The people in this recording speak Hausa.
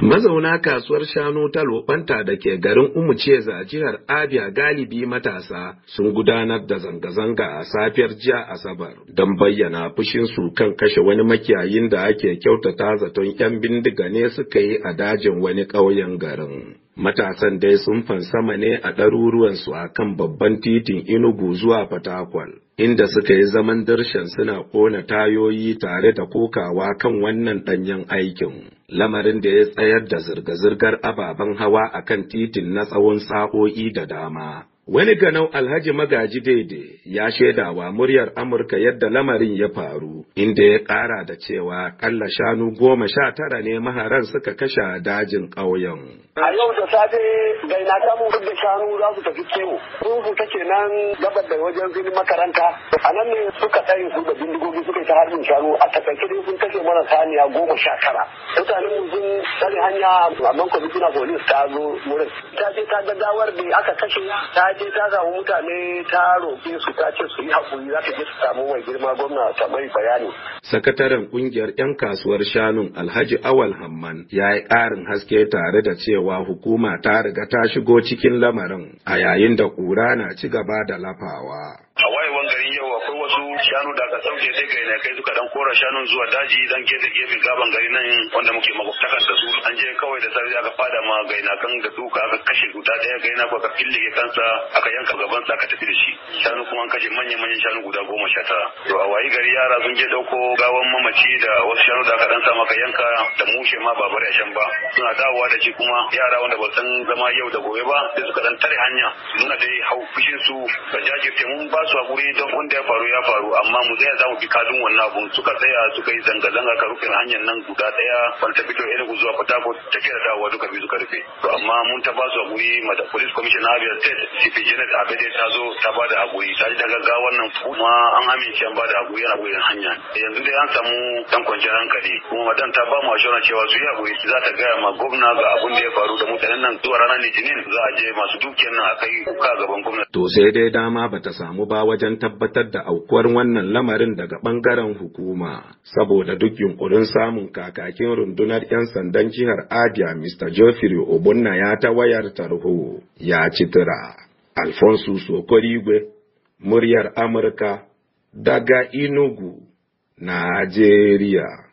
Mazauna kasuwar shanu ta lobanta da ke garin Umuceza a jihar Abia galibi matasa sun gudanar da zanga-zanga a safiyar jiya Asabar don bayyana fushin su kan kashe wani makiyayin da ake kyautata zaton 'yan bindiga ne suka yi a dajin wani ƙauyen garin. Matasan dai sun fansama ne a ɗaruruwansu a kan babban titin Inugu zuwa Fatakwal, inda suka yi zaman darshen suna ƙona tayoyi tare da kokawa kan wannan ɗanyen aikin. Lamarin da ya tsayar da zirga-zirgar ababen hawa a kan titin na tsawon sa'o'i da dama. Wani ganau Alhaji Magaji Daidai ya shaidawa muryar Amurka yadda lamarin ya faru, inda ya kara da cewa kalla shanu goma sha tara ne maharan suka kashe dajin ƙauyen. A yau da safe bai na samu da shanu za su tafi kewo. ta take nan gabar da wajen zini makaranta. A nan ne suka tsaye su da bindigogi suka ta harbin shanu a takaice dai sun kashe mana saniya goma sha tara. Mutanen mu sun tsari hanya a bankwa na polis ta zo wurin. Ta ce ta gaggawar da aka kashe ta je ta samu mutane ta roƙe su ta ce su yi haƙuri za ta je su samu mai girma gwamna ta mai bayani. Sakataren ƙungiyar 'yan kasuwar shanun Alhaji Awal Hamman ya yi ƙarin haske tare da cewa hukuma ta riga ta shigo cikin lamarin a yayin da ƙura na ci gaba da lafawa. A wayewan garin yau akwai wasu shanu da aka sauke sai kai na kai suka dan kora shanun zuwa daji dan gefe gefe gaban gari nan wanda muke makwabtakar da su kawai da sarari aka fada ma gaina kan da duka aka kashe guda daya gaina ko aka fillike kansa aka yanka gaban sa aka tafi da shi shanu kuma an kashe manyan manyan shanu guda goma sha tara to a wayi gari yara sun je dauko gawan mamaci da wasu shanu da aka dan sa maka yanka da mushe ma babar ya shan ba suna dawowa da shi kuma yara wanda ba san zama yau da gobe ba sai suka dan tare hanya nuna dai hau fushin su da jajirce mun ba su hakuri don wanda ya faru ya faru amma mu tsaya za mu bi kadun wannan abun suka tsaya suka yi zanga-zanga ka rufe hanyar nan guda daya wanda ta fito zuwa Port tafiya da dawowa duka su karfe to amma mun ta ba su haƙuri mata police commissioner Abia State CP Janet Abede ta zo ta ba da haƙuri ta ji daga gawar nan kuma an amince an ba da haƙuri yana hanya eh, yanzu dai an samu dan kwanciyar hankali kuma madan ta ba mu ashora cewa su yi haƙuri za ta gaya ma gwamna ga abin da ya faru da mutanen nan zuwa ranar Litinin za a je masu dukiyar nan a kai kuka gaban gwamnati to sai dai dama bata samu ba wajen tabbatar da aukuwar wannan lamarin daga bangaren hukuma saboda duk yunkurin samun kakakin rundunar 'yan sandan jihar Abia Mr. Geoffrey Ogbonna ya ta wayar tarho ya ci tura. Alphonsus Okorigwe, muryar Amurka, daga Inugu, Najeriya.